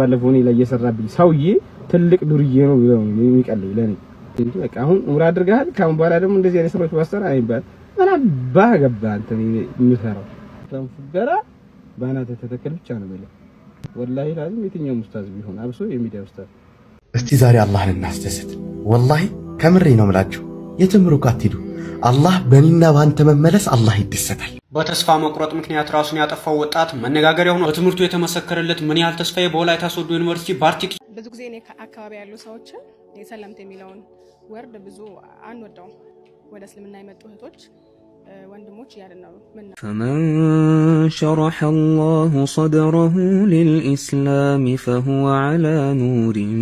ባለፈው እኔ ላይ እየሰራብኝ ሰውዬ ትልቅ ዱርዬ ነው የሚቀልኝ ለኔ። በቃ አሁን ሙራ አድርገሃል፣ ካሁን በኋላ ደግሞ እንደዚህ አይነት ስራዎች ባሰራ አይባል። እና ባገባ አንተ የምሰራው ተንፍገራ ባናተ ተተከል ብቻ ነው የሚለው ወላሂ ላዚም የትኛውም ኡስታዝ ቢሆን አብሶ የሚዲያ ኡስታዝ። እስቲ ዛሬ አላህን እናስደስት። ወላሂ ከምሬ ነው የምላችሁ የትምሩቅ አትሂዱ አላህ በእኔና በአንተ መመለስ አላህ ይደሰታል። በተስፋ መቁረጥ ምክንያት ራሱን ያጠፋው ወጣት መነጋገሪያ ሆኗል። በትምህርቱ የተመሰከረለት ምን ያህል ተስፋዬ በወላይታ ሶዶ ዩኒቨርሲቲ ባርቲክ ብዙ ጊዜ እኔ አካባቢ ያሉ ሰዎችን የሰለምት የሚለውን ወርድ ብዙ አንወደውም። ወደ እስልምና የመጡ እህቶች ወንድሞች እያልን ነው። ፈመን ሸረሐ አላሁ ሰድረሁ ሊልኢስላሚ ፈሁወ ዐላ ኑሪን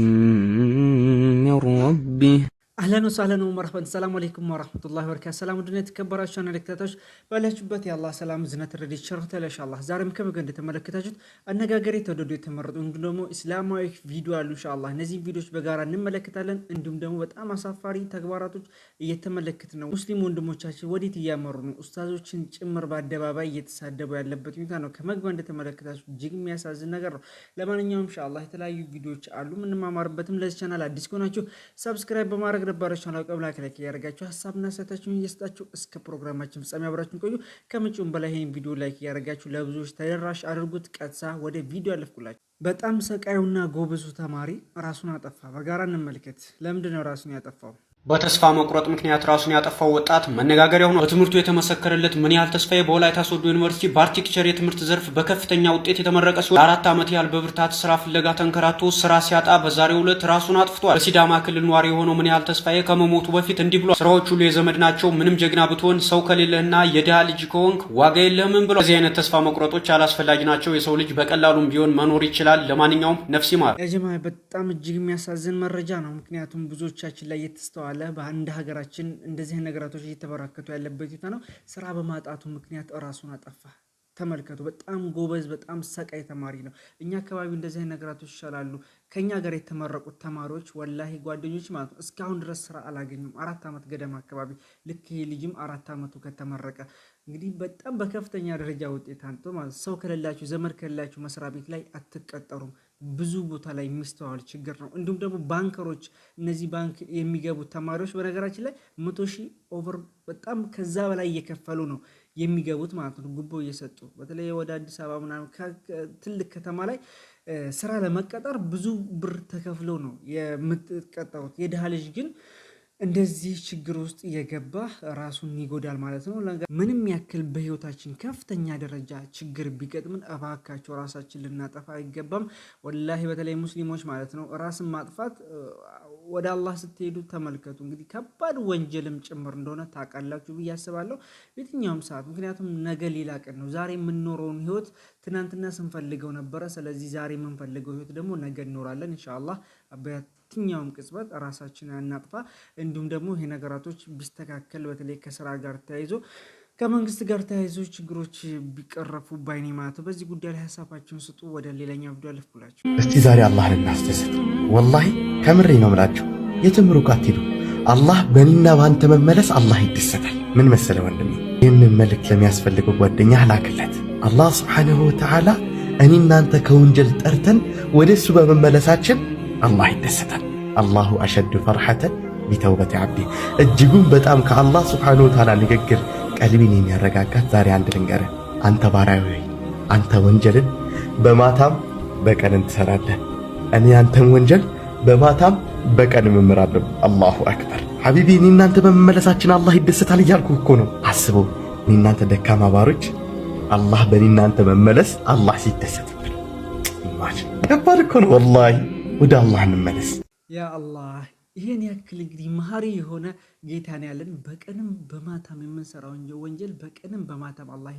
ሚን ረቢህ አህለን ወሳህለን ወመርሐበን። ሰላም አለይኩም ወራህመቱላሂ ወበረካቱ። ሰላም ውድና የተከበራችሁ ተከታታዮች ባላችሁበት የአላህ ሰላም ዝነት ረድኤት ሸርሁ ተለሻላ። ዛሬም ከምግብ እንደተመለከታችሁት አነጋገር የተወደዱ የተመረጡ እንዲሁም ደግሞ እስላማዊ ቪዲዮ አሉ እንሻላ። እነዚህ ቪዲዮዎች በጋራ እንመለከታለን። እንዲሁም ደግሞ በጣም አሳፋሪ ተግባራቶች እየተመለከት ነው። ሙስሊም ወንድሞቻችን ወዴት እያመሩ ነው? ኡስታዞችን ጭምር በአደባባይ እየተሳደቡ ያለበት ሁኔታ ነው። ከመግቢያ እንደተመለከታችሁ እጅግ የሚያሳዝን ነገር ነው። ለማንኛውም እንሻላ የተለያዩ ቪዲዮዎች አሉ የምንማማርበትም። ለዚህ ቻናል አዲስ ከሆናችሁ ሰብስክራይብ በማድረግ ነባሮችን ላውቀብ ላይክ ላይክ እያደረጋችሁ ሀሳብና ሰታችሁን እየሰጣችሁ እስከ ፕሮግራማችን ፍጻሜ አብራችሁን ቆዩ። ከምንጭም በላይ ይህን ቪዲዮ ላይክ እያደረጋችሁ ለብዙዎች ተደራሽ አድርጉት። ቀጥሳ ወደ ቪዲዮ ያለፍኩላችሁ። በጣም ሰቃዩና ጎበዙ ተማሪ ራሱን አጠፋ። በጋራ እንመልከት። ለምንድን ነው ራሱን ያጠፋው? በተስፋ መቁረጥ ምክንያት ራሱን ያጠፋው ወጣት መነጋገሪያ ነው በትምህርቱ የተመሰከረለት ምን ያህል ተስፋዬ በወላይታ ሶዶ ዩኒቨርሲቲ በአርቲክቸር የትምህርት ዘርፍ በከፍተኛ ውጤት የተመረቀ ሲሆን ለአራት ዓመት ያህል በብርታት ስራ ፍለጋ ተንከራቶ ስራ ሲያጣ በዛሬው ዕለት ራሱን አጥፍቷል። በሲዳማ ክልል ነዋሪ የሆነው ምን ያህል ተስፋዬ ከመሞቱ በፊት እንዲህ ብሏል። ስራዎች ሁሉ የዘመድ ናቸው። ምንም ጀግና ብትሆን ሰው ከሌለህና የድሃ ልጅ ከሆንክ ዋጋ የለህምን ብሏል። እዚህ አይነት ተስፋ መቁረጦች አላስፈላጊ ናቸው። የሰው ልጅ በቀላሉም ቢሆን መኖር ይችላል። ለማንኛውም ነፍስ ይማር። በጣም እጅግ የሚያሳዝን መረጃ ነው። ምክንያቱም ብዙዎቻችን ላይ የተስተዋል አለ። በአንድ ሀገራችን እንደዚህ ነገራቶች እየተበራከቱ ያለበት ሁኔታ ነው። ስራ በማጣቱ ምክንያት እራሱን አጠፋ። ተመልከቱ። በጣም ጎበዝ፣ በጣም ሰቃይ ተማሪ ነው። እኛ አካባቢ እንደዚህ ነገራቶች ይሻላሉ። ከኛ ጋር የተመረቁት ተማሪዎች ወላሂ ጓደኞች ማለት ነው እስካሁን ድረስ ስራ አላገኙም። አራት ዓመት ገደማ አካባቢ ልክ ይሄ ልጅም አራት ዓመቱ ከተመረቀ እንግዲህ በጣም በከፍተኛ ደረጃ ውጤት አንጥቶ ማለት ሰው ከሌላችሁ ዘመድ ከሌላችሁ መስሪያ ቤት ላይ አትቀጠሩም። ብዙ ቦታ ላይ የሚስተዋል ችግር ነው። እንዲሁም ደግሞ ባንከሮች እነዚህ ባንክ የሚገቡት ተማሪዎች በነገራችን ላይ መቶ ሺህ ኦቨር በጣም ከዛ በላይ እየከፈሉ ነው የሚገቡት ማለት ነው። ጉቦ እየሰጡ በተለይ ወደ አዲስ አበባ ምናምን ትልቅ ከተማ ላይ ስራ ለመቀጠር ብዙ ብር ተከፍሎ ነው የምትቀጠሩት። የድሃ ልጅ ግን እንደዚህ ችግር ውስጥ እየገባ ራሱን ይጎዳል ማለት ነው። ምንም ያክል በህይወታችን ከፍተኛ ደረጃ ችግር ቢገጥምን እባካቸው ራሳችን ልናጠፋ አይገባም። ወላሂ በተለይ ሙስሊሞች ማለት ነው ራስን ማጥፋት ወደ አላህ ስትሄዱ ተመልከቱ። እንግዲህ ከባድ ወንጀልም ጭምር እንደሆነ ታውቃላችሁ ብዬ አስባለሁ የትኛውም ሰዓት። ምክንያቱም ነገ ሌላ ቀን ነው። ዛሬ የምንኖረውን ህይወት ትናንትና ስንፈልገው ነበረ። ስለዚህ ዛሬ የምንፈልገው ህይወት ደግሞ ነገ እንኖራለን ኢንሻአላህ። በየትኛውም ቅጽበት ራሳችን አናጥፋ። እንዲሁም ደግሞ ይሄ ነገራቶች ቢስተካከል በተለይ ከስራ ጋር ተያይዞ ከመንግስት ጋር ተያይዞ ችግሮች ቢቀረፉ ባይኔ ማለት ነው። በዚህ ጉዳይ ላይ ሀሳባችሁን ስጡ። ወደ ሌላኛ ቪዲዮ አልፍኩላችሁ። እስቲ ዛሬ አላህን እናስደስት ወላሂ ከምሬ ነው ምላችሁ፣ የትም ሩቅ አትሄዱ። አላህ በእኔና በአንተ መመለስ አላህ ይደሰታል። ምን መሰለ ወንድም፣ ይህንን መልእክት ለሚያስፈልገው ጓደኛ ላክለት። አላህ ስብሓንሁ ወተዓላ እኔ እናንተ ከወንጀል ጠርተን ወደ እሱ በመመለሳችን አላህ ይደሰታል። አላሁ አሸዱ ፈርሐተን ቢተውበት ዓብዲ። እጅጉን በጣም ከአላህ ስብሓነ ወተዓላ ንግግር ቀልቢን የሚያረጋጋት ዛሬ አንድ ልንገርህ። አንተ ባሪያ ሆይ አንተ ወንጀልን በማታም በቀንም ትሰራለህ፣ እኔ አንተን ወንጀል በማታም በቀን እምራለሁ። አላሁ አክበር ሐቢቢ፣ እኔ እናንተ በመመለሳችን አላህ ይደሰታል እያልኩ እኮ ነው። አስበው፣ እኔ እናንተ ደካማ ባሮች፣ አላህ በእኔ እናንተ መመለስ አላህ ሲደሰትብን ከባድ እኮ ነው ወላሂ ወደ አላህ እንመለስ። ያ አላህ ይህን ያክል እንግዲህ መሀሪ የሆነ ጌታን ያለን በቀንም በማታም የምንሰራውን ወንጀል በቀንም በማታም አላህ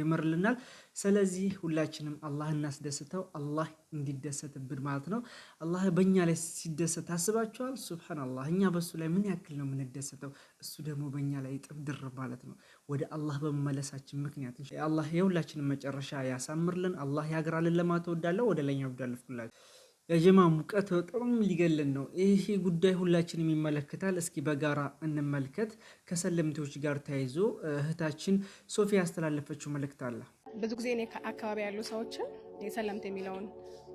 ይምርልናል። ስለዚህ ሁላችንም አላህ እናስደስተው፣ አላህ እንዲደሰትብን ማለት ነው። አላህ በእኛ ላይ ሲደሰት አስባችኋል? ሱብሃነላህ እኛ በሱ ላይ ምን ያክል ነው የምንደሰተው? እሱ ደግሞ በእኛ ላይ ጥብድር ማለት ነው። ወደ አላህ በመመለሳችን ምክንያት አላህ የሁላችንም መጨረሻ ያሳምርልን፣ አላህ ያግራልን ለማተወዳለው ወደ ላይኛው ያጀማ ሙቀት በጣም ሊገለን ነው። ይህ ጉዳይ ሁላችንም ይመለከታል። እስኪ በጋራ እንመልከት። ከሰለምቴዎች ጋር ተያይዞ እህታችን ሶፊ ያስተላለፈችው መልእክት አለ። ብዙ ጊዜ እኔ አካባቢ ያሉ ሰዎችን የሰለምት የሚለውን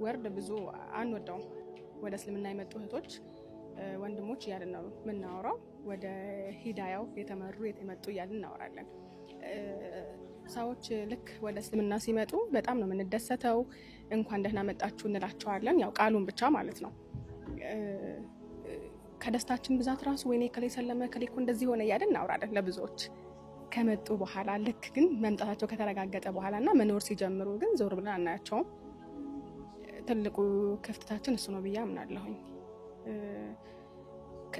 ወርድ ብዙ አንወደውም። ወደ እስልምና የመጡ እህቶች ወንድሞች እያልን ነው የምናወራው። ወደ ሂዳያው የተመሩ የመጡ እያልን እናወራለን። ሰዎች ልክ ወደ እስልምና ሲመጡ በጣም ነው የምንደሰተው እንኳን ደህና መጣችሁ እንላቸዋለን። ያው ቃሉን ብቻ ማለት ነው። ከደስታችን ብዛት ራሱ ወይኔ ከላይ ሰለመ ከላይ እኮ እንደዚህ ሆነ እያለ እናውራለን ለብዙዎች ከመጡ በኋላ ልክ ግን መምጣታቸው ከተረጋገጠ በኋላ እና መኖር ሲጀምሩ ግን ዞር ብለን አናያቸውም። ትልቁ ክፍተታችን እሱ ነው ብዬ አምናለሁኝ።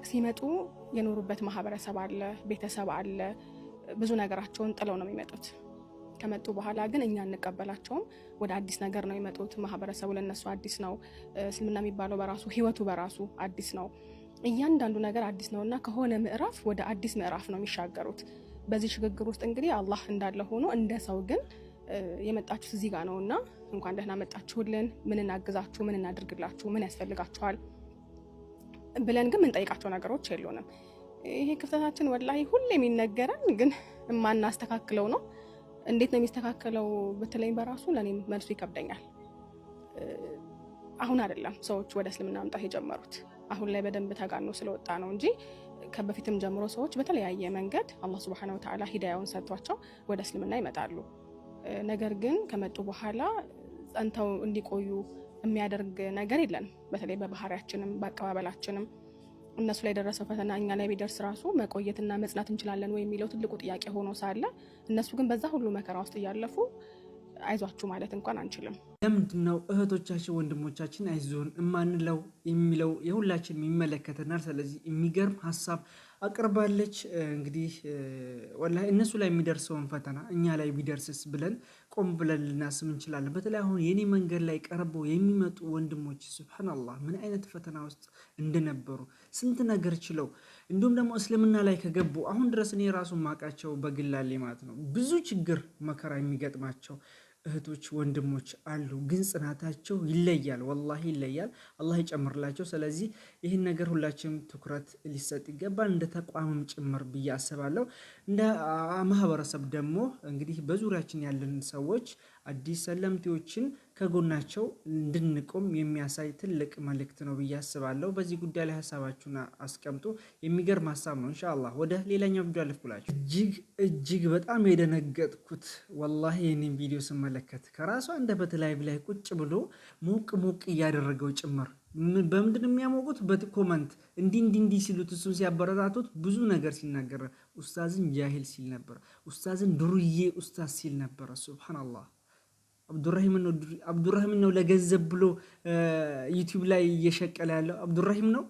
ሲመጡ የኖሩበት ማህበረሰብ አለ፣ ቤተሰብ አለ፣ ብዙ ነገራቸውን ጥለው ነው የሚመጡት። ከመጡ በኋላ ግን እኛ እንቀበላቸውም ወደ አዲስ ነገር ነው የመጡት። ማህበረሰቡ ለነሱ አዲስ ነው። እስልምና የሚባለው በራሱ ህይወቱ በራሱ አዲስ ነው። እያንዳንዱ ነገር አዲስ ነው እና ከሆነ ምዕራፍ ወደ አዲስ ምዕራፍ ነው የሚሻገሩት። በዚህ ሽግግር ውስጥ እንግዲህ አላህ እንዳለ ሆኖ እንደ ሰው ግን የመጣችሁት እዚህ ጋር ነው እና እንኳን ደህና መጣችሁልን፣ ምን እናግዛችሁ፣ ምን እናድርግላችሁ፣ ምን ያስፈልጋችኋል ብለን ግን ምንጠይቃቸው ነገሮች የለንም ይሄ ክፍተታችን ወላሂ ሁሌም ይነገረን ግን የማናስተካክለው ነው። እንዴት ነው የሚስተካከለው ብትለኝ በራሱ ለእኔም መልሱ ይከብደኛል። አሁን አይደለም ሰዎች ወደ እስልምና መምጣት የጀመሩት አሁን ላይ በደንብ ተጋኖ ስለወጣ ነው እንጂ ከበፊትም ጀምሮ ሰዎች በተለያየ መንገድ አላህ ሱብሐነሁ ወተዓላ ሂዳያውን ሰጥቷቸው ወደ እስልምና ይመጣሉ። ነገር ግን ከመጡ በኋላ ጸንተው እንዲቆዩ የሚያደርግ ነገር የለንም። በተለይ በባህሪያችንም በአቀባበላችንም እነሱ ላይ የደረሰው ፈተና እኛ ላይ ቢደርስ ራሱ መቆየትና መጽናት እንችላለን ወይ የሚለው ትልቁ ጥያቄ ሆኖ ሳለ እነሱ ግን በዛ ሁሉ መከራ ውስጥ እያለፉ አይዟችሁ ማለት እንኳን አንችልም። ለምንድን ነው እህቶቻችን ወንድሞቻችን አይዞን እማንለው የሚለው የሁላችን ይመለከተናል። ስለዚህ የሚገርም ሀሳብ አቅርባለች። እንግዲህ ወላሂ እነሱ ላይ የሚደርሰውን ፈተና እኛ ላይ ቢደርስስ ብለን ቆም ብለን ልናስብ እንችላለን። በተለይ አሁን የኔ መንገድ ላይ ቀርበው የሚመጡ ወንድሞች ሱብሃነላህ ምን አይነት ፈተና ውስጥ እንደነበሩ ስንት ነገር ችለው እንዲሁም ደግሞ እስልምና ላይ ከገቡ አሁን ድረስ እኔ ራሱ ማቃቸው በግላሌ ማለት ነው ብዙ ችግር መከራ የሚገጥማቸው እህቶች ወንድሞች አሉ፣ ግን ጽናታቸው ይለያል። ወላሂ ይለያል። አላህ ይጨምርላቸው። ስለዚህ ይህን ነገር ሁላችንም ትኩረት ሊሰጥ ይገባል፣ እንደ ተቋምም ጭምር ብዬ አስባለሁ። እንደ ማህበረሰብ ደግሞ እንግዲህ በዙሪያችን ያለን ሰዎች አዲስ ሰለምቴዎችን ከጎናቸው እንድንቆም የሚያሳይ ትልቅ መልእክት ነው ብዬ አስባለሁ። በዚህ ጉዳይ ላይ ሀሳባችሁን አስቀምጡ። የሚገርም ሀሳብ ነው። እንሻላ ወደ ሌላኛው ቪዲዮ አለፍ እጅግ እጅግ በጣም የደነገጥኩት ወላ ይህንን ቪዲዮ ስመለከት ከራሱ አንደበት ላይቭ ላይ ቁጭ ብሎ ሞቅ ሞቅ እያደረገው ጭምር በምንድን የሚያሞቁት በኮመንት እንዲ እንዲ እንዲ ሲሉት እሱን ሲያበረታቱት ብዙ ነገር ሲናገር ኡስታዝን ጃሂል ሲል ነበር፣ ኡስታዝን ዱርዬ ኡስታዝ ሲል ነበረ። ሱብሃነላህ አብዱራሂም ነው። አብዱራሂም ነው ለገንዘብ ብሎ ዩቲዩብ ላይ እየሸቀለ ያለው አብዱራሂም ነው።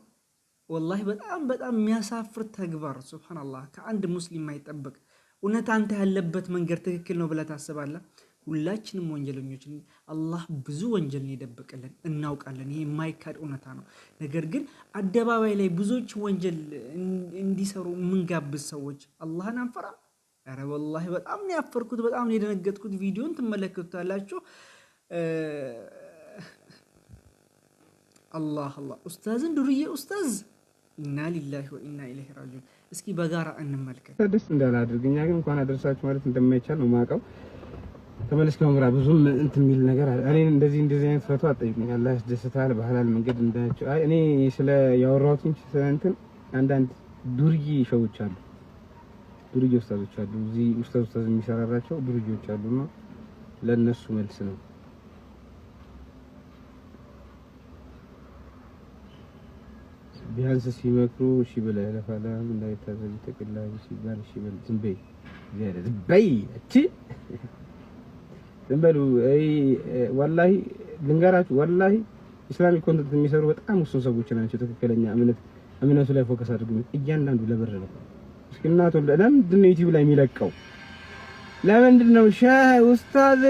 ወላሂ በጣም በጣም የሚያሳፍር ተግባር ሱብሃነላህ፣ ከአንድ ሙስሊም አይጠበቅ። እውነት አንተ ያለበት መንገድ ትክክል ነው ብለህ ታስባለህ? ሁላችንም ወንጀለኞች፣ አላህ ብዙ ወንጀልን ይደብቅልን፣ እናውቃለን። ይሄ የማይካድ እውነታ ነው። ነገር ግን አደባባይ ላይ ብዙዎች ወንጀል እንዲሰሩ የምንጋብዝ ሰዎች አላህን አንፈራም። ኧረ ወላሂ በጣም ነው ያፈርኩት፣ በጣም ነው የደነገጥኩት። ቪዲዮን ትመለከቱታላችሁ። አላህ አላህ ኡስታዝን ዱርዬ ኡስታዝ እና ሊላሂ ወኢና ኢለይሂ ራጂዑን። እስኪ በጋራ እንመልከት። ደስ እንዳላደርግ እኛ ግን እንኳን አደረሳችሁ ማለት እንደማይቻል ነው የማውቀው። ተመለስ ከምራ ብዙም እንትን የሚል ነገር አለ። እኔ እንደዚህ እንደዚህ አይነት ፈቶ አጠይቁኝ። አላህ ያስደስታል ባህላል መንገድ እንዳያቸው። እኔ ስለ ያወራሁት እንጂ ስለ እንትን አንዳንድ ዱርዬ ሸዎች አሉ ዱርዬ ኡስታዞች አሉ። እዚህ ኡስታዝ ኡስታዝ የሚሰራራቸው ዱርዬዎች አሉና ለነሱ መልስ ነው። ቢያንስ ሲመክሩ እሺ ብለህ ለፋላህ እንዳይታዘብ ተቀላቢ ሲባል እሺ በል ዝም በይ ዝም በይ እቺ ዝም በሉ። አይ ወላሂ ልንገራችሁ፣ ወላሂ ኢስላሚክ ኮንተንት የሚሰሩ በጣም ውስን ሰዎች ናቸው። ትክክለኛ እምነት እምነቱ ላይ ፎከስ አድርጉ። እያንዳንዱ ለብር ነው። እስኪናቱ ለምንድን ነው ዩቲዩብ ላይ የሚለቀው? ለምንድን ነው ሻህ ኡስታዝ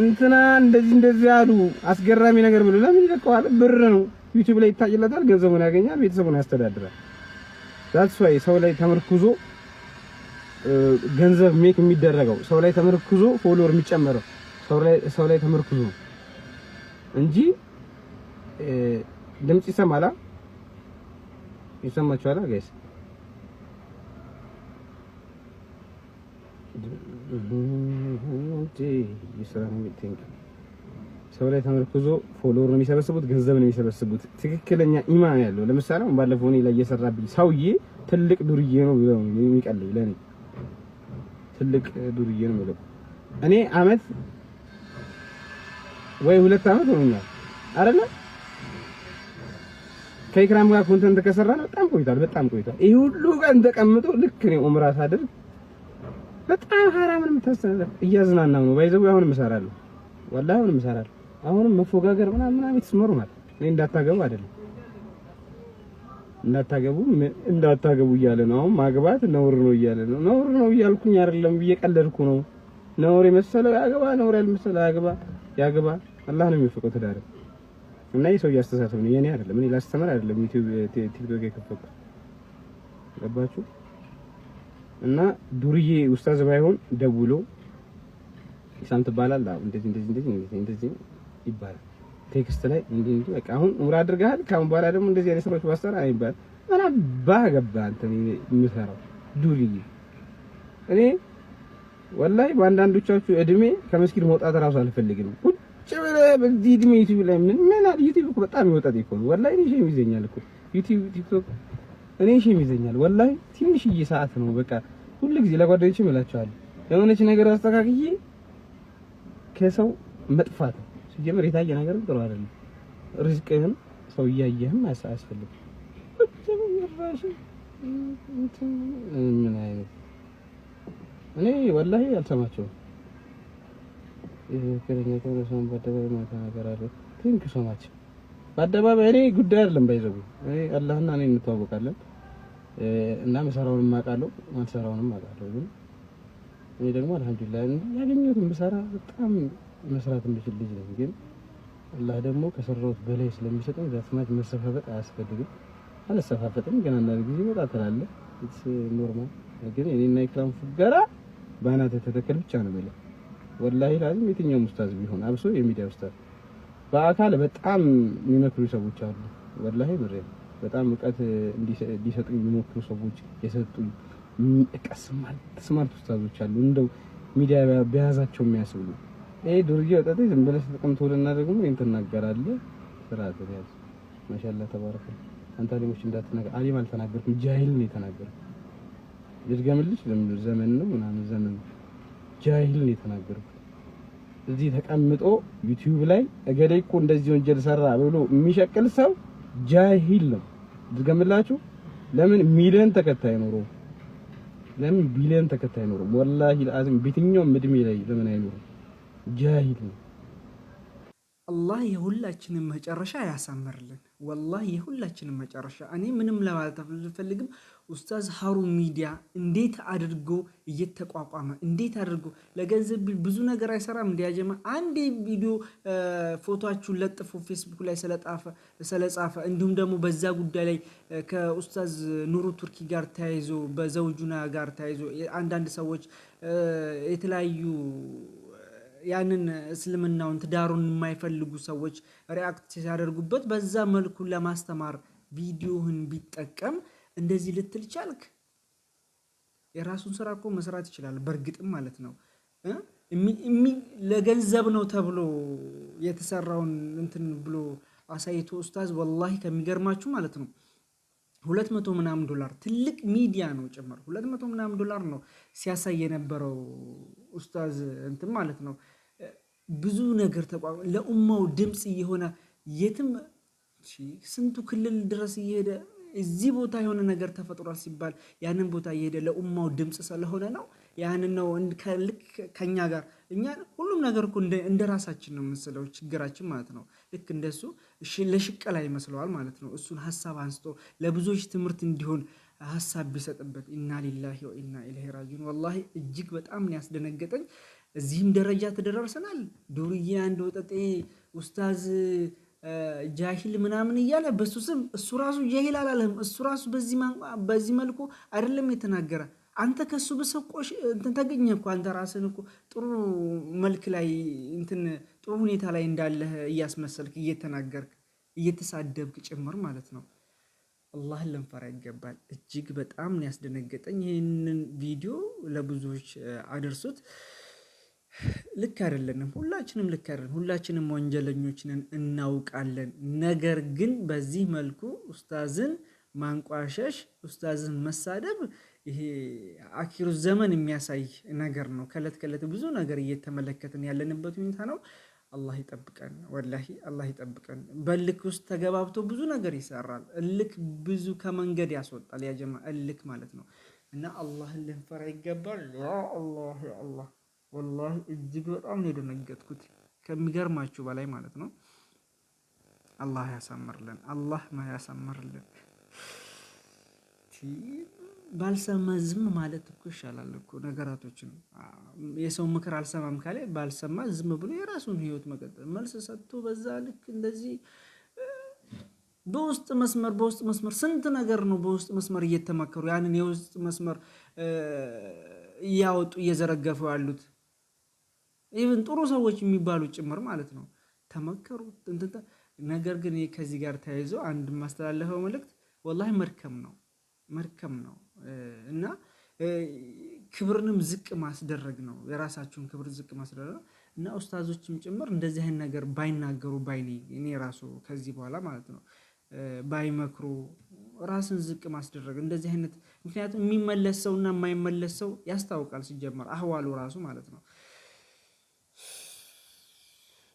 እንትና እንደዚህ እንደዚህ አሉ አስገራሚ ነገር ብሎ ለምን ይለቀዋል? ብር ነው ዩቲዩብ ላይ ይታይለታል፣ ገንዘቡን ያገኛል፣ ቤተሰቡን ያስተዳድራል። ዛትስ ዋይ ሰው ላይ ተመርኩዞ ገንዘብ ሜክ የሚደረገው ሰው ላይ ተመርኩዞ ፎሎወር የሚጨመረው ሰው ላይ ሰው ላይ ተመርኩዞ እንጂ ድምጽ ይሰማላ ይሰማችኋላ ጋይስ ሰው ላይ ተመርክዞ ፎሎወር ነው የሚሰበስቡት፣ ገንዘብ ነው የሚሰበስቡት። ትክክለኛ ኢማን ያለው ለምሳሌ ባለፈው እኔ ላይ እየሰራብኝ ሰውዬ ትልቅ ዱርዬ ነው ብለው የሚቀልብ ለኔ ትልቅ ዱርዬ ነው ብለው እኔ አመት ወይ ሁለት አመት ሆኖኛል አይደለ? ከኢክራም ጋር ኮንተንት ከሰራን በጣም ቆይቷል፣ በጣም ቆይቷል። ይሄ ሁሉ ቀን ተቀምጦ ልክ እኔ ኡምራ ሳደርግ በጣም ሐራምን የምታስተላልፍ እያዝናናም ነው ባይዘው። አሁንም እሰራለሁ ወላሂ፣ አሁንም እሰራለሁ። አሁንም መፎጋገር ምናምን ምናምን ይስመሩ ማለት ነው። እንዳታገቡ አይደለም እንዳታገቡ እንዳታገቡ እያለ ነው። አሁን ማግባት ነውር ነው እያለ ነው። ነውር ነው እያልኩኝ አይደለም ብዬ ቀለድኩ ነው። ነውር የመሰለው ያግባ፣ ነውር ያልመሰለው ያገባ ያገባ። አላህ ነው የሚፈቀው ትዳር እና የሰው እያስተሳሰብ ነው የኔ አይደለም። እኔ ላስተምር አይደለም ዩቲዩብ ቲክቶክ የከፈትኩት ገባችሁ? እና ዱርዬ ኡስታዝ ባይሆን ደውሎ ኢሳም ትባላል እንደዚህ እንደዚህ እንደዚህ እንደዚህ ይባላል። ቴክስት ላይ እንዲህ እንዲህ በቃ አሁን ኡምራ አድርገሃል፣ ካሁን በኋላ ደግሞ እንደዚህ አይነት ስራዎች ባሰራ አይባል እና ባገባ አንተ የምሰራው ዱርዬ። እኔ ወላሂ በአንዳንዶቻችሁ እድሜ ከመስጊድ መውጣት እራሱ አልፈልግም። ቁጭ ብለህ በዚህ እድሜ ዩቲዩብ ላይ ምን ምን ዩቲዩብ እኮ በጣም ይወጣት ይኮ ወላሂ ነው ይዘኛል እኮ ዩቲዩብ ቲክቶክ እኔ ሺም ይዘኛል ወላሂ ትንሽዬ ሰዓት ነው በቃ ሁሉ ሁልጊዜ ለጓደኞቼ እላቸዋለሁ የሆነች ነገር አስተካክዬ ከሰው መጥፋት ሲጀምር የታየ ነገር ጥሩ አይደለም ሪዝቅህን ሰው እያየህም አያስፈልግም ምን አይነት እኔ ወላሂ አልሰማቸውም ይሄ ከኛ ተረሳን በደረሰ ነገር አለ ቲንክ ሶ ማች በአደባባይ እኔ ጉዳይ አይደለም ባይዘው እኔ አላህና እኔ እንተዋወቃለን እና መሰራውንም አውቃለሁ ማልሰራውንም አውቃለሁ። ግን እኔ ደግሞ አልሐምዱሊላህ ያገኘሁትን ብሰራ በጣም መስራት የምችል ልጅ ነኝ። ግን አላህ ደግሞ ከሰራሁት በላይ ስለሚሰጠኝ ዛትማች መሰፋፈጥ አያስፈልግም። አልሰፋፈጥም። ግን አንዳንድ ጊዜ ወጣ ትላለህ። ኢትስ ኖርማል። ግን እኔ እና ኢክራም ፉገራ ባናት ተተከል ብቻ ነው በለ ወላሂ ላዚም የትኛውም ኡስታዝ ቢሆን አብሶ የሚዲያ ኡስታዝ በአካል በጣም የሚመክሩ ሰዎች አሉ። ወላሂ ምሬ በጣም እውቀት እንዲሰጡኝ የሚሞክሩ ሰዎች የሰጡኝ ስማርት ውስታዞች አሉ። እንደው ሚዲያ በያዛቸው የሚያስብሉ ይሄ ዱርዬ ወጣት ዝም ብለህ ተጠቅምቶልና ደግሞ ይሄን ትናገራለህ። ስርዓት ያዝ። ማሻአላ ተባረከ። አንተ አሊሞች እንዳትናገር። አሊም አልተናገርኩም፣ ጃሂል ነው የተናገርኩት። ልድገምልሽ፣ ዘመን ነው ምናምን ዘመን ጃሂል ነው የተናገርኩት። እዚህ ተቀምጦ ዩቲዩብ ላይ እገሌ እኮ እንደዚህ ወንጀል ሰራ ብሎ የሚሸቅል ሰው ጃሂል ነው። ድገምላችሁ ለምን ሚሊዮን ተከታይ ኖሮ ለምን ቢሊዮን ተከታይ ኖሮ ወላሂ ለአዝም በየትኛውም እድሜ ላይ ለምን አይኖርም? ጃሂል ነው። አላህ የሁላችንም መጨረሻ ያሳምርልን። ወላሂ የሁላችንም መጨረሻ። እኔ ምንም ለማለት አልፈልግም። ኡስታዝ ሀሩን ሚዲያ እንዴት አድርጎ እየተቋቋመ እንዴት አድርጎ ለገንዘብ ቢል ብዙ ነገር አይሰራም። እንዲያጀማ አንድ ቪዲዮ ፎቶችሁን ለጥፎ ፌስቡክ ላይ ስለጻፈ እንዲሁም ደግሞ በዛ ጉዳይ ላይ ከኡስታዝ ኑሩ ቱርኪ ጋር ተያይዞ በዘውጁና ጋር ተያይዞ አንዳንድ ሰዎች የተለያዩ ያንን እስልምናውን ትዳሩን የማይፈልጉ ሰዎች ሪያክት ሲያደርጉበት በዛ መልኩ ለማስተማር ቪዲዮህን ቢጠቀም እንደዚህ ልትል ቻልክ? የራሱን ስራ እኮ መስራት ይችላል። በእርግጥም ማለት ነው ለገንዘብ ነው ተብሎ የተሰራውን እንትን ብሎ አሳይቶ ኡስታዝ፣ ወላሂ ከሚገርማችሁ ማለት ነው ሁለት መቶ ምናምን ዶላር ትልቅ ሚዲያ ነው ጭምር ሁለት መቶ ምናምን ዶላር ነው ሲያሳይ የነበረው ኡስታዝ እንትን ማለት ነው። ብዙ ነገር ተቋቁሞ ለኡማው ድምፅ እየሆነ የትም ስንቱ ክልል ድረስ እየሄደ እዚህ ቦታ የሆነ ነገር ተፈጥሯል ሲባል ያንን ቦታ እየሄደ ለኡማው ድምፅ ስለሆነ ነው። ያንን ነው ልክ ከኛ ጋር እኛ ሁሉም ነገር እኮ እንደ ራሳችን ነው የምንስለው፣ ችግራችን ማለት ነው። ልክ እንደሱ ለሽቀላ ይመስለዋል ማለት ነው። እሱን ሀሳብ አንስቶ ለብዙዎች ትምህርት እንዲሆን ሀሳብ ቢሰጥበት ኢና ሊላሂ ወኢና ኢለይሂ ራጂዑን። ወላሂ እጅግ በጣም ያስደነገጠኝ እዚህም ደረጃ ተደራርሰናል። ዱርዬ አንድ ወጠጤ ኡስታዝ ጃሂል ምናምን እያለ በሱ ስም እሱ ራሱ ጃሂል አላለህም። እሱ ራሱ በዚህ መልኩ አይደለም የተናገረ። አንተ ከሱ በሰቆሽ እንትን ተገኘ እኮ አንተ ራስን እኮ ጥሩ መልክ ላይ እንትን ጥሩ ሁኔታ ላይ እንዳለህ እያስመሰልክ እየተናገርክ እየተሳደብክ ጭምር ማለት ነው። አላህን ልንፈራ ይገባል። እጅግ በጣም ያስደነገጠኝ ይህንን ቪዲዮ ለብዙዎች አደርሱት። ልክ አይደለንም። ሁላችንም ልክ አይደለን። ሁላችንም ወንጀለኞችንን እናውቃለን። ነገር ግን በዚህ መልኩ ኡስታዝን ማንቋሸሽ፣ ኡስታዝን መሳደብ ይሄ አኪሩ ዘመን የሚያሳይ ነገር ነው። ከእለት ከእለት ብዙ ነገር እየተመለከትን ያለንበት ሁኔታ ነው። አላህ ይጠብቀን፣ ወላሂ አላህ ይጠብቀን። በእልክ ውስጥ ተገባብቶ ብዙ ነገር ይሰራል። እልክ ብዙ ከመንገድ ያስወጣል። ያጀማ እልክ ማለት ነው እና አላህን ልንፈራ ይገባል። ያ አላህ ያ አላህ ወላሂ እጅግ በጣም ነው የደነገጥኩት ከሚገርማችሁ በላይ ማለት ነው። አላህ ያሳምርልን፣ አላህ ያሳምርልን። ባልሰማ ዝም ማለት እኮ ይሻላል እኮ ነገራቶችን። የሰው ምክር አልሰማም ካለ ባልሰማ ዝም ብሎ የራሱን ህይወት መቀጠል መልስ ሰጥቶ በዛ ልክ እንደዚህ በውስጥ መስመር በውስጥ መስመር ስንት ነገር ነው በውስጥ መስመር እየተመከሩ ያንን የውስጥ መስመር እያወጡ እየዘረገፉ ያሉት ኢቨን ጥሩ ሰዎች የሚባሉ ጭምር ማለት ነው ተመከሩ። ነገር ግን ከዚህ ጋር ተያይዞ አንድ የማስተላለፈው መልእክት ወላሂ መርከም ነው መርከም ነው እና ክብርንም ዝቅ ማስደረግ ነው። የራሳችሁን ክብር ዝቅ ማስደረግ ነው እና ኡስታዞችም ጭምር እንደዚህ አይነት ነገር ባይናገሩ ባይኔ እኔ ራሱ ከዚህ በኋላ ማለት ነው ባይመክሩ ራስን ዝቅ ማስደረግ እንደዚህ አይነት ምክንያቱም የሚመለስ ሰው እና የማይመለስ ሰው ያስታውቃል። ሲጀመር አህዋሉ ራሱ ማለት ነው።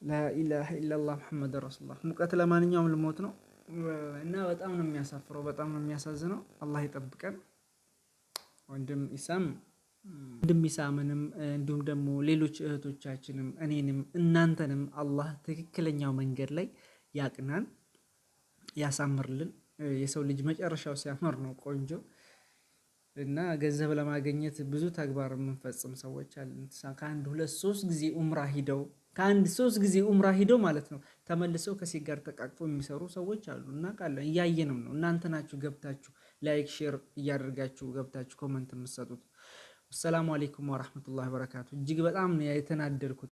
ላኢላሀ ኢላላህ መሐመድ ረሱሉላህ። ሙቀት ለማንኛውም ልሞት ነው እና በጣም ነው የሚያሳፍረው፣ በጣም ነው የሚያሳዝነው። አላህ ይጠብቀን። ወንድም ኢሳም ወንድም ኢሳምንም እንዲሁም ደግሞ ሌሎች እህቶቻችንም እኔንም እናንተንም አላህ ትክክለኛው መንገድ ላይ ያቅናን፣ ያሳምርልን። የሰው ልጅ መጨረሻው ሲያምር ነው ቆንጆ እና ገንዘብ ለማግኘት ብዙ ተግባር የምንፈጽም ሰዎች አለን። ከአንድ ሁለት ሶስት ጊዜ ኡምራ ሂደው ከአንድ ሶስት ጊዜ ኡምራ ሂደው ማለት ነው ተመልሰው ከሴት ጋር ተቃቅፎ የሚሰሩ ሰዎች አሉ። እናውቃለን፣ እያየንም ነው። እናንተ ናችሁ ገብታችሁ ላይክ፣ ሼር እያደርጋችሁ ገብታችሁ ኮመንት የምትሰጡት። አሰላሙ አሌይኩም ወራህመቱላሂ ወበረካቱ። እጅግ በጣም ነው የተናደድኩት።